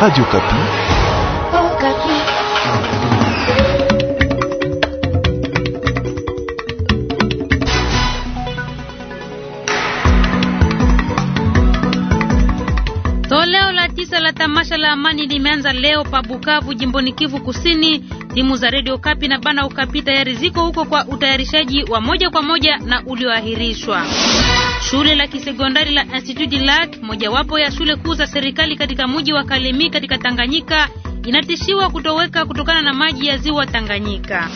Radio Kapi. Oh, Kapi. Toleo la tisa la tamasha la amani limeanza leo pa Bukavu jimboni Kivu Kusini. Timu za Radio Kapi na Bana Ukapi tayari ziko huko kwa utayarishaji wa moja kwa moja na ulioahirishwa. Shule la kisekondari la Institut Lac, mojawapo ya shule kuu za serikali katika mji wa Kalemi katika Tanganyika, inatishiwa kutoweka kutokana na maji ya ziwa Tanganyika.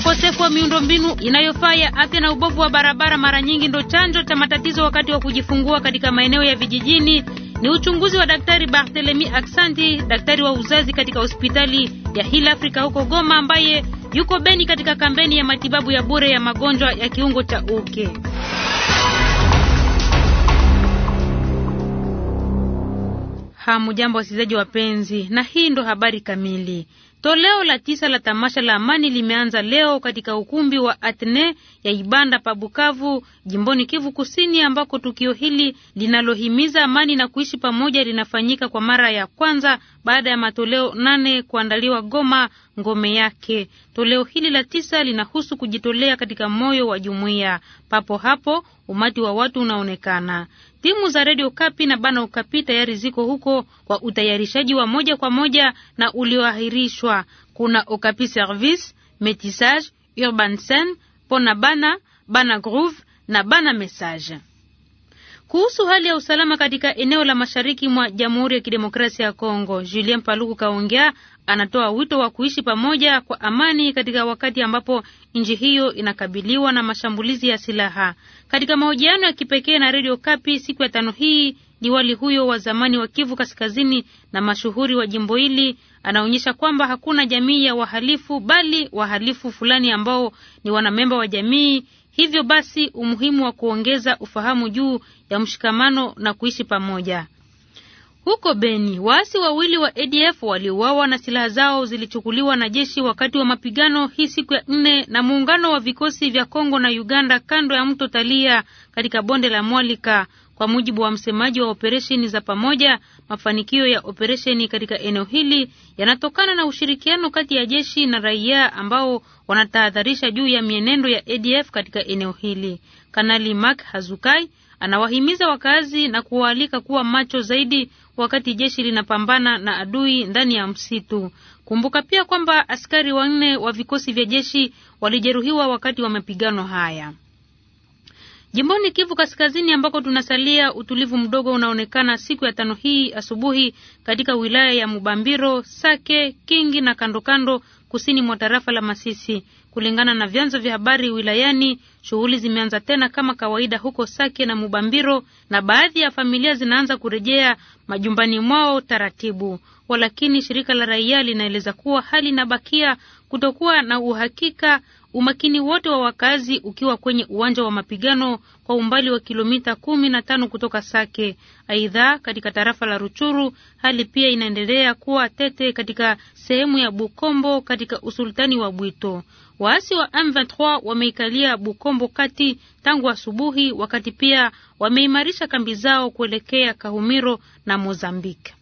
Ukosefu wa miundombinu inayofaa ya afya na ubovu wa barabara mara nyingi ndo chanzo cha matatizo wakati wa kujifungua katika maeneo ya vijijini. Ni uchunguzi wa Daktari Barthelemy Aksanti, daktari wa uzazi katika hospitali ya Hill Africa huko Goma, ambaye yuko Beni katika kampeni ya matibabu ya bure ya magonjwa ya kiungo cha uke. Hamujambo wasikilizaji wapenzi, na hii ndo habari kamili. Toleo la tisa la tamasha la amani limeanza leo katika ukumbi wa Atene ya Ibanda pa Bukavu, jimboni Kivu Kusini, ambako tukio hili linalohimiza amani na kuishi pamoja linafanyika kwa mara ya kwanza baada ya matoleo nane kuandaliwa Goma, ngome yake. Toleo hili la tisa linahusu kujitolea katika moyo wa jumuiya. Papo hapo umati wa watu unaonekana. Timu za Radio Kapi na Bana Ukapi tayari ziko huko kwa utayarishaji wa moja kwa moja na ulioahirishwa. Kuna Okapi Service, Metissage, Urban Sen, Pona Bana, Bana Groove na Bana Message. Kuhusu hali ya usalama katika eneo la mashariki mwa Jamhuri ya Kidemokrasia ya Kongo, Julien Paluku kaongea anatoa wito wa kuishi pamoja kwa amani katika wakati ambapo nchi hiyo inakabiliwa na mashambulizi ya silaha. Katika mahojiano ya kipekee na Radio Kapi siku ya tano hii, diwali huyo wa zamani wa Kivu Kaskazini na mashuhuri wa jimbo hili anaonyesha kwamba hakuna jamii ya wahalifu bali wahalifu fulani ambao ni wanamemba wa jamii Hivyo basi umuhimu wa kuongeza ufahamu juu ya mshikamano na kuishi pamoja. Huko Beni, waasi wawili wa ADF waliuawa na silaha zao zilichukuliwa na jeshi wakati wa mapigano hii siku ya nne na muungano wa vikosi vya Kongo na Uganda kando ya mto Talia katika bonde la Mwalika kwa mujibu wa msemaji wa operesheni za pamoja, mafanikio ya operesheni katika eneo hili yanatokana na ushirikiano kati ya jeshi na raia ambao wanatahadharisha juu ya mienendo ya ADF katika eneo hili. Kanali Mark Hazukai anawahimiza wakazi na kuwaalika kuwa macho zaidi wakati jeshi linapambana na adui ndani ya msitu. Kumbuka pia kwamba askari wanne wa vikosi vya jeshi walijeruhiwa wakati wa mapigano haya. Jimboni Kivu Kaskazini ambako tunasalia, utulivu mdogo unaonekana siku ya tano hii asubuhi katika wilaya ya Mubambiro, Sake, Kingi na kandokando kusini mwa tarafa la Masisi. Kulingana na vyanzo vya habari wilayani, shughuli zimeanza tena kama kawaida huko Sake na Mubambiro, na baadhi ya familia zinaanza kurejea majumbani mwao taratibu. Walakini, shirika la raia linaeleza kuwa hali inabakia kutokuwa na uhakika, umakini wote wa wakazi ukiwa kwenye uwanja wa mapigano kwa umbali wa kilomita kumi na tano kutoka Sake. Aidha, katika tarafa la Ruchuru hali pia inaendelea kuwa tete katika sehemu ya Bukombo katika usultani wa Bwito. Waasi wa M23 wameikalia Bukombo kati tangu asubuhi, wakati pia wameimarisha kambi zao kuelekea Kahumiro na Mozambique.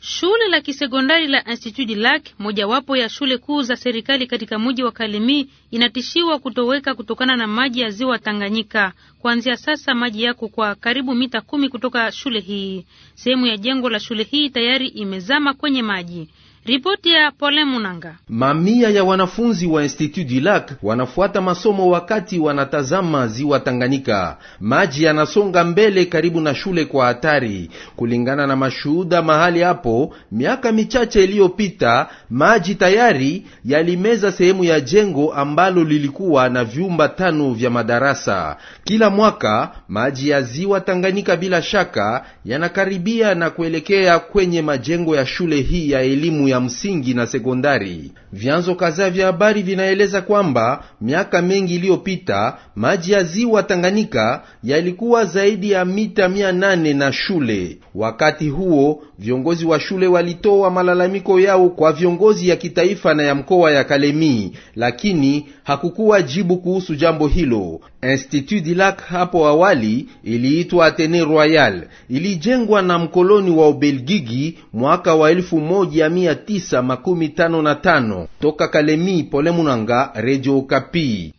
Shule la kisekondari la Institut du Lac, mojawapo ya shule kuu za serikali katika mji wa Kalemi, inatishiwa kutoweka kutokana na maji ya ziwa Tanganyika. Kuanzia sasa maji yako kwa karibu mita kumi kutoka shule hii. Sehemu ya jengo la shule hii tayari imezama kwenye maji. Ripoti ya Pole Munanga. Mamia ya wanafunzi wa Institut du Lac wanafuata masomo wakati wanatazama ziwa Tanganyika. Maji yanasonga mbele karibu na shule kwa hatari. Kulingana na mashuhuda mahali hapo, miaka michache iliyopita, maji tayari yalimeza sehemu ya jengo ambalo lilikuwa na vyumba tano vya madarasa. Kila mwaka maji ya ziwa Tanganyika bila shaka yanakaribia na kuelekea kwenye majengo ya shule hii ya elimu ya ya msingi na sekondari. Vyanzo kadhaa vya habari vinaeleza kwamba miaka mengi iliyopita maji ya ziwa Tanganyika yalikuwa zaidi ya mita mia nane na shule. Wakati huo viongozi wa shule walitoa malalamiko yao kwa viongozi ya kitaifa na ya mkoa ya Kalemi, lakini hakukuwa jibu kuhusu jambo hilo. Institut Lac hapo awali iliitwa Atene Royal, ilijengwa na mkoloni wa Ubelgiji mwaka wa elfu moja mia tisa makumi tano na tano toka Kalemi. Pole Munanga, Redio Okapi.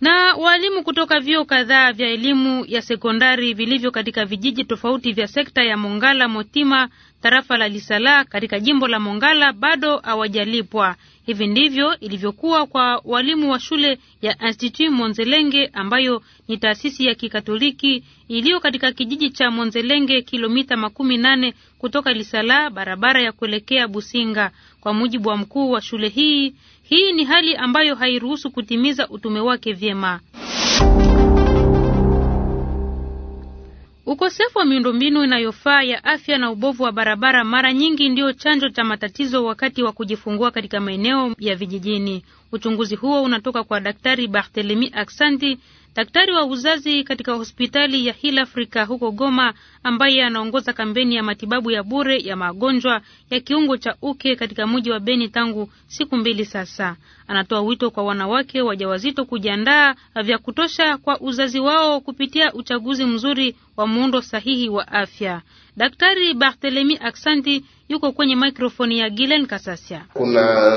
Na walimu kutoka vyuo kadhaa vya elimu ya sekondari vilivyo katika vijiji tofauti vya sekta ya Mongala Motima, tarafa la Lisala katika jimbo la Mongala bado hawajalipwa. Hivi ndivyo ilivyokuwa kwa walimu wa shule ya Institut Monzelenge ambayo ni taasisi ya Kikatoliki iliyo katika kijiji cha Monzelenge kilomita makumi nane kutoka Lisala barabara ya kuelekea Businga. Kwa mujibu wa mkuu wa shule hii, hii ni hali ambayo hairuhusu kutimiza utume wake vyema. Ukosefu wa miundombinu inayofaa ya afya na ubovu wa barabara mara nyingi ndiyo chanzo cha matatizo wakati wa kujifungua katika maeneo ya vijijini. Uchunguzi huo unatoka kwa Daktari Barthelemy Aksanti, daktari wa uzazi katika hospitali ya Hill Africa huko Goma, ambaye anaongoza kampeni ya matibabu ya bure ya magonjwa ya kiungo cha uke katika mji wa Beni tangu siku mbili sasa. Anatoa wito kwa wanawake wajawazito kujiandaa vya kutosha kwa uzazi wao kupitia uchaguzi mzuri wa muundo sahihi wa afya. Daktari Barthelemy Aksanti yuko kwenye mikrofoni ya Gilen Kasasia. Kuna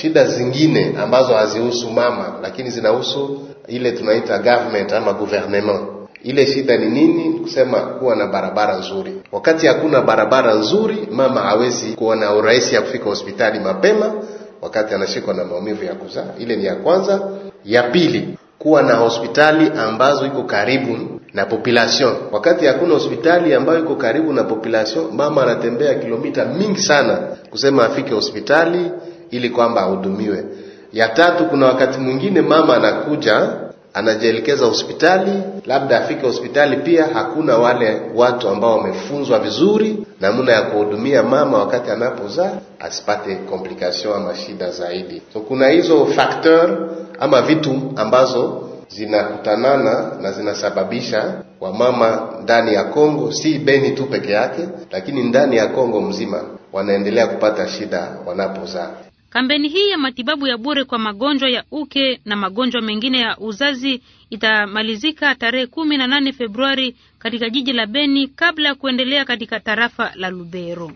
shida zingine ambazo hazihusu mama, lakini zinahusu ile tunaita government ama gouvernement. Ile shida ni nini? kusema kuwa na barabara nzuri. Wakati hakuna barabara nzuri, mama hawezi kuwa na urahisi ya kufika hospitali mapema, wakati anashikwa na maumivu ya kuzaa. Ile ni ya kwanza. Ya pili, kuwa na hospitali ambazo iko karibu na population. Wakati hakuna hospitali ambayo iko karibu na population, mama anatembea kilomita mingi sana kusema afike hospitali ili kwamba ahudumiwe. Ya tatu, kuna wakati mwingine mama anakuja anajielekeza hospitali, labda afike hospitali pia hakuna wale watu ambao wamefunzwa vizuri namna ya kuhudumia mama wakati anapozaa asipate complication ama shida zaidi. So kuna hizo factor ama vitu ambazo zinakutanana na zinasababisha wamama ndani ya Kongo, si Beni tu peke yake, lakini ndani ya Kongo mzima wanaendelea kupata shida wanapozaa. Kampeni hii ya matibabu ya bure kwa magonjwa ya uke na magonjwa mengine ya uzazi itamalizika tarehe kumi na nane Februari katika jiji la Beni kabla ya kuendelea katika tarafa la Lubero.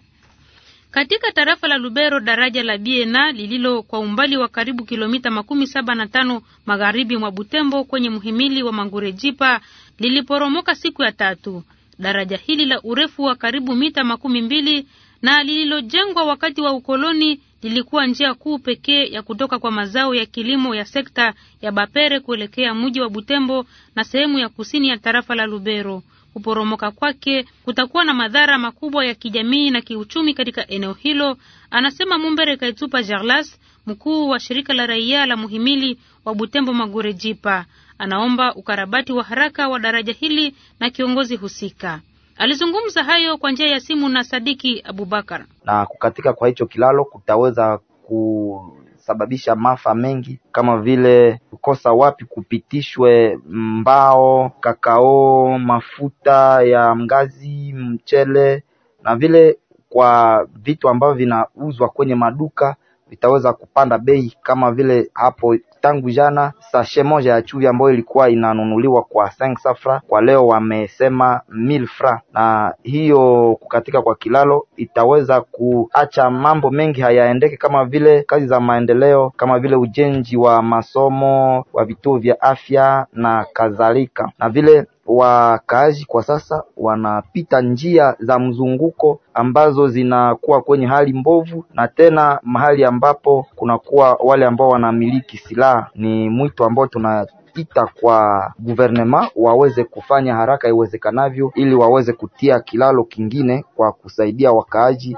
Katika tarafa la Lubero, daraja la Biena lililo kwa umbali wa karibu kilomita makumi saba na tano magharibi mwa Butembo kwenye mhimili wa Mangurejipa liliporomoka siku ya tatu. Daraja hili la urefu wa karibu mita makumi mbili na lililojengwa wakati wa ukoloni ilikuwa njia kuu pekee ya kutoka kwa mazao ya kilimo ya sekta ya Bapere kuelekea mji wa Butembo na sehemu ya kusini ya tarafa la Lubero. Kuporomoka kwake kutakuwa na madhara makubwa ya kijamii na kiuchumi katika eneo hilo, anasema Mumbere Kaitupa Jarlas, mkuu wa shirika la raia la muhimili wa Butembo Magurejipa. Anaomba ukarabati wa haraka wa daraja hili na kiongozi husika. Alizungumza hayo kwa njia ya simu na Sadiki Abubakar. Na kukatika kwa hicho kilalo kutaweza kusababisha maafa mengi kama vile kukosa wapi kupitishwe mbao, kakao, mafuta ya mgazi, mchele na vile kwa vitu ambavyo vinauzwa kwenye maduka itaweza kupanda bei kama vile hapo tangu jana sashe moja ya chuvi ambayo ilikuwa inanunuliwa kwa sang safra kwa leo wamesema mil fra, na hiyo kukatika kwa kilalo itaweza kuacha mambo mengi hayaendeke, kama vile kazi za maendeleo, kama vile ujenzi wa masomo, wa vituo vya afya na kadhalika, na vile wakaaji kwa sasa wanapita njia za mzunguko ambazo zinakuwa kwenye hali mbovu, na tena mahali ambapo kunakuwa wale ambao wanamiliki silaha. Ni mwito ambao tuna ita kwa guvernema waweze kufanya haraka iwezekanavyo ili waweze kutia kilalo kingine kwa kusaidia wakaaji.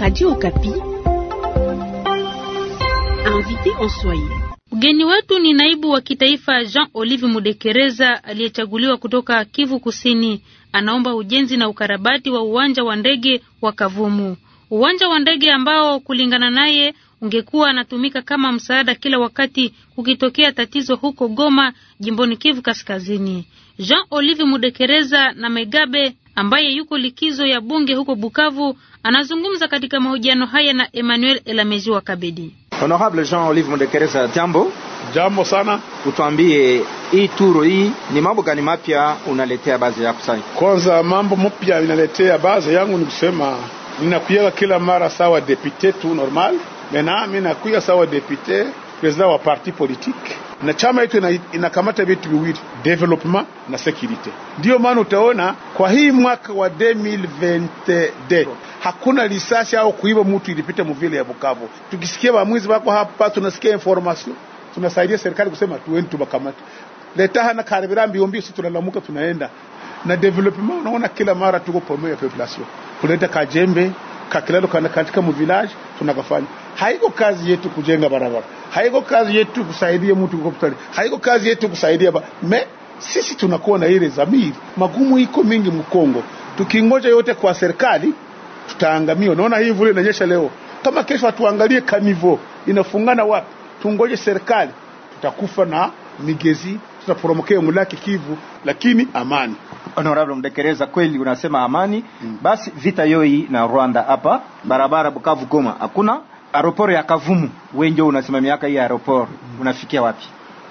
Radio Kapi, invité en Swahili. Mgeni wetu ni naibu wa kitaifa Jean Olive Mudekereza aliyechaguliwa kutoka Kivu Kusini. Anaomba ujenzi na ukarabati wa uwanja wa ndege wa Kavumu, uwanja wa ndege ambao kulingana naye ungekuwa anatumika kama msaada kila wakati kukitokea tatizo huko Goma, jimboni Kivu Kaskazini. Jean Olive Mudekereza na Megabe ambaye yuko likizo ya bunge huko Bukavu anazungumza katika mahojiano haya na Emmanuel Elamezi wa Kabedi. Honorable Jean Olive Mudekereza, jambo jambo sana. Utuambie hii turu hii ni mambo gani mapya unaletea baadhi yako sasa? Kwanza mambo mapya inaletea baadhi yangu ni kusema ninakuyaga kila mara sawa depute tu normal, mena mimi nakuya sawa depute president wa parti politique na chama yetu ina, inakamata vitu viwili development na security. Ndiyo maana utaona kwa hii mwaka wa 2022 hakuna risasi au kuiba mtu ilipita muvile ya Bukavu. Tukisikia bamwizi wako hapa, tunasikia information, tunasaidia serikali kusema tuende tubakamate. Leta hana karibira mbio mbio, sisi tunalamuka tunaenda na development. Unaona kila mara tuko pamoja ya population, kuleta kajembe kakilalo kana katika muvilaji tunakafanya haiko kazi yetu kujenga barabara, haiko kazi yetu kusaidia mtu kupita, haiko kazi yetu kusaidia ba me sisi tunakuwa na ile zamiri. Magumu iko mingi Mkongo, tukingoja yote kwa serikali tutaangamia. Unaona hii vile inanyesha leo, kama kesho hatuangalie kamivo inafungana wapi, tungoje serikali, tutakufa na migezi tutaporomokea mulaki Kivu, lakini amani. Honorable Mdekereza, kweli unasema amani mm. Basi vita yoi na Rwanda hapa barabara Bukavu Goma hakuna aeroport ya Kavumu, wewe unasema miaka hii aeroport, mm. unafikia wapi?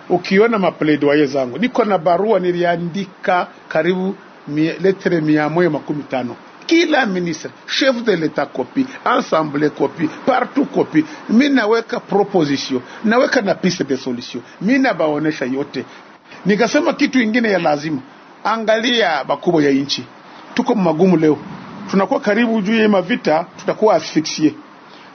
Ukiona mapledoye zangu, niko na barua niliandika karibu mie, letre mia moja makumi tano kila ministre chef de l'etat copy ensemble copy partout copy. Mi naweka proposition, naweka na piste de solution, mi nabaonesha yote. Nikasema kitu ingine ya lazima, angalia bakubwa ya inchi, tuko magumu leo, tunakuwa karibu juu ya mavita, tutakuwa asfixie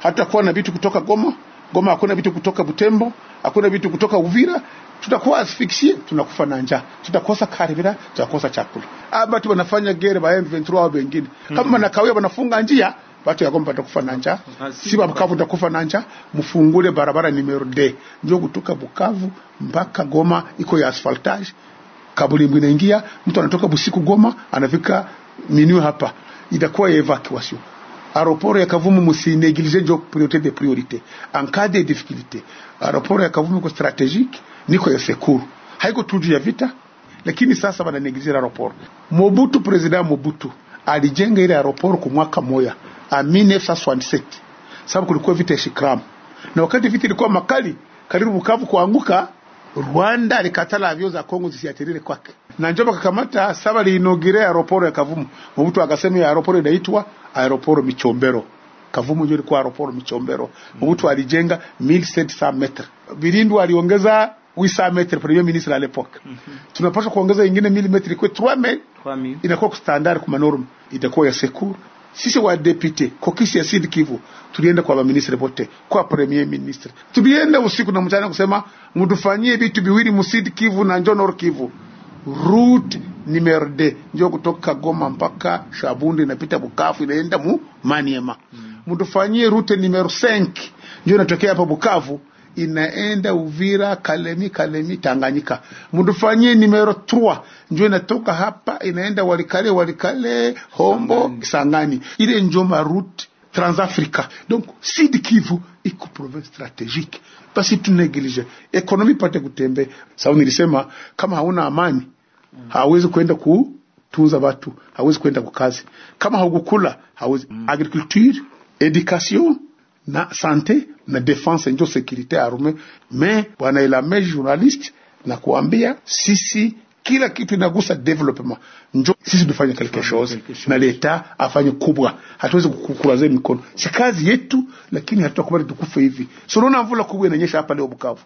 hatakuwa na vitu kutoka Goma, Goma hakuna vitu kutoka Butembo, hakuna vitu kutoka Uvira. Tutakuwa asfiksie, tunakufa na njaa, tutakosa karibira, tutakosa chakula. Abatu wanafanya gere ba M23 au wengine hmm. kama mm -hmm. nakawia wanafunga njia watu ya Goma batakufa na njaa, ah, si Bukavu batakufa na njaa. Mfungule barabara numero d njo kutoka Bukavu mpaka Goma iko ya asfaltage, kabuli mwingine ingia, mtu anatoka busiku Goma anafika minui hapa, itakuwa evacuation aéroport ya Kavumu musinégilize njo priorite de priorite ankade cas de difficulté. Aéroport ya Kavumu kwa strategique niko ya sekuru, haiko tuju ya vita, lakini sasa wananegilizia aéroport. Mobutu, president Mobutu alijenga ile aéroport kwa mwaka moja a 1967 sababu kulikuwa vita ya Shikram, na wakati vita ilikuwa makali karibu Bukavu kuanguka, Rwanda alikatala avyo za Kongo zisiatirire kwake na njoba kakamata saba linogire aeroporo ya Kavumu omuntu akasema ya aeroporo inaitwa aeroporo Michombero Kavumu ndio ilikuwa aeroporo Michombero omuntu mm. alijenga sa metre Bilindu aliongeza 800 metre premier ministre à l'époque mm -hmm. tunapaswa kuongeza ingine 1000 metre kwa 3000 inakuwa kustandard kwa norm itakuwa ya secure sisi wa deputy kwa kisi ya Sud Kivu tulienda kwa ministre pote kwa premier ministre tubiende usiku na mchana kusema mtufanyie vitu biwili mu Sud Kivu na Nord Kivu route numero 2 njo kutoka Goma mpaka Shabundi inapita Bukavu inaenda mu Maniema. Mtufanyie mm. route numero 5 njo inatokea hapa Bukavu inaenda Uvira, Kalemi, Kalemi Tanganyika. Mtufanyie numero 3 njo inatoka hapa inaenda Walikale, Walikale Hombo Sangani, ile njo route Transafrica, donc Sud Kivu iko province strategique, basi tunegelige ekonomi pate kutembea sababu nilisema kama hauna amani mm. hawezi kwenda kutunza watu, hawezi kwenda kukazi, kama haukukula hawezi mm. agriculture, education na sante na defense njo securite arume Me bwana Ilamej journaliste na kuambia sisi kila kitu inagusa development. Njo sisi tufanye quelque chose na leta afanye kubwa, hatuwezi kukuraza mikono, si kazi yetu, lakini hatutakubali tukufe hivi. So unaona mvula kubwa inanyesha hapa leo Bukavu,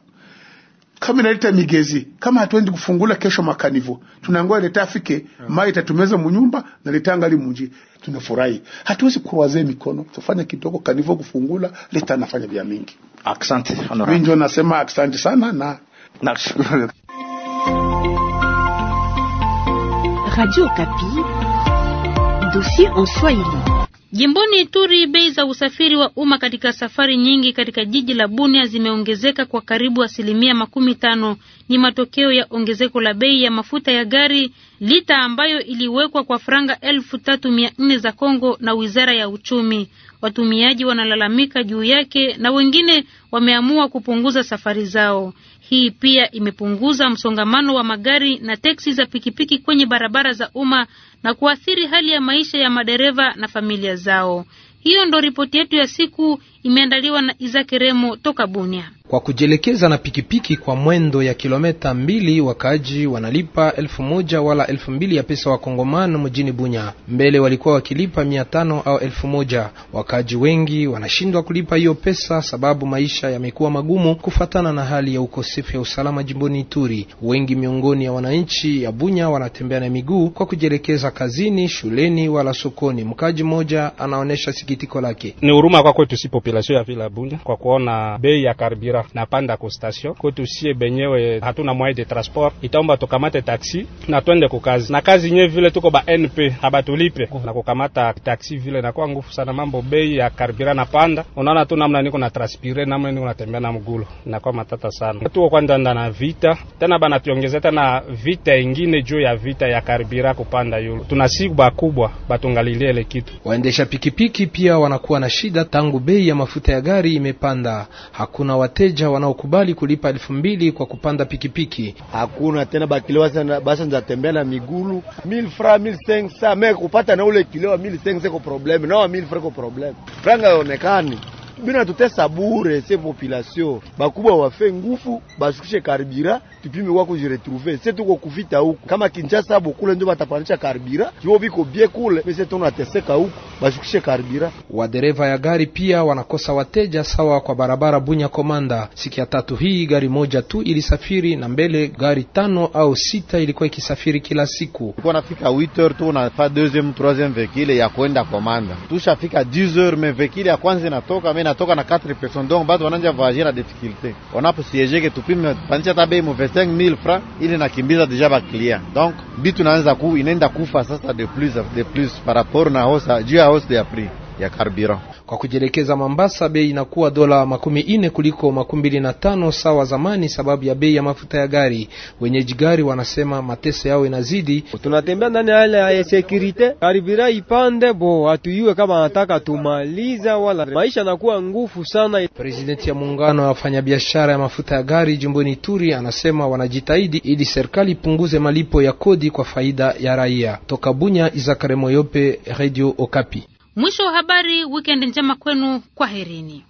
kama inaleta migezi, kama hatuendi kufungula kesho makanivo, tunangoja leta afike mai itatumeza munyumba na leta angali munji, tunafurahi. Hatuwezi kurwaze mikono, tufanye kidogo kanivo kufungula, leta anafanya vya mingi. Asante honorable, mimi ndio nasema asante sana na nakushukuru. Radio Kapi, dossier en Swahili. Jimboni Ituri, bei za usafiri wa umma katika safari nyingi katika jiji la Bunia zimeongezeka kwa karibu asilimia makumi tano. Ni matokeo ya ongezeko la bei ya mafuta ya gari lita ambayo iliwekwa kwa franga elfu tatu mia nne za Kongo na wizara ya uchumi. Watumiaji wanalalamika juu yake na wengine wameamua kupunguza safari zao. Hii pia imepunguza msongamano wa magari na teksi za pikipiki kwenye barabara za umma na kuathiri hali ya maisha ya madereva na familia zao. Hiyo ndo ripoti yetu ya siku, imeandaliwa na Izaki Remo toka Bunia. Kwa kujielekeza na pikipiki kwa mwendo ya kilometa mbili, wakaaji wanalipa elfu moja wala elfu mbili ya pesa wa Kongomano mjini Bunya. Mbele walikuwa wakilipa mia tano au elfu moja. Wakaaji wengi wanashindwa kulipa hiyo pesa sababu maisha yamekuwa magumu kufatana na hali ya ukosefu ya usalama jimboni Ituri. Wengi miongoni ya wananchi ya Bunya wanatembea na miguu kwa kujielekeza kazini, shuleni wala sokoni. Mkaaji mmoja anaonyesha sikitiko lake. Ni huruma kwa kwetu si population ya vila Bunya kwa kuona bei ya karibira kusafiri napanda ku station kwetu sie benyewe hatuna mwai de transport, itaomba tukamate taksi na twende kazi na kazi nye vile tuko ba NP habatulipe na kukamata taksi vile nakuwa ngufu sana. Mambo bei ya karbira na panda, unaona tu namna niko na transpire namna niko natembea na mgulo nakuwa matata sana. Tuko kwanza na vita tena bana tuongeze tena vita ingine juu ya vita ya karibira kupanda yulu, tunasiku bakubwa batungalilie ile kitu. Waendesha pikipiki pia wanakuwa na shida tangu bei ya mafuta ya gari imepanda, hakuna wate wateja wanaokubali kulipa elfu mbili kwa kupanda pikipiki. Hakuna tena bakile basa na migulu mil fra mil me kupata na ule kilewa mil sensa probleme nawa mil fra ko probleme franga yaonekani binatutesa bure se population. Bakubwa wafe ngufu bashukishe karibira tupime wako kujiretrouve se tuko kuvita huko kama Kinshasa abo kule ndio batapanisha karibira juu biko bie kule mese tunateseka huku bashukishe karibira. Wadereva ya gari pia wanakosa wateja sawa kwa barabara Bunya Komanda. Siku ya tatu hii gari moja tu ilisafiri na mbele gari tano au sita ilikuwa ikisafiri kila siku. Ilikuwa nafika 8h tu unafa 2e 3e ya kwenda Komanda, tushafika 10h me vehicule ya kwanza inatoka mimi inatoka na 4 person, donc batu wananja voyager na difficulté. Wanapo siegeke tupime panisha tabe mu 25000 francs ili nakimbiza deja ba client, donc bitu naanza ku inaenda kufa sasa de plus de plus par rapport na hosa juu ya hosa ya prix ya carburant kwa kujielekeza Mombasa, bei inakuwa dola makumi ine kuliko makumi mbili na tano sawa zamani, sababu ya bei ya mafuta ya gari. Wenyeji gari wanasema mateso yao inazidi. Tunatembea ndani ya hali ya sekirite, karibira ipande bo atuiwe kama anataka tumaliza, wala maisha nakuwa ngufu sana. Presidenti ya muungano ya wafanyabiashara ya mafuta ya gari jimboni Ituri anasema wanajitahidi ili serikali ipunguze malipo ya kodi kwa faida ya raia. Toka Bunya, Izakare Moyope, Radio Okapi. Mwisho wa habari. Wikendi njema kwenu, kwaherini.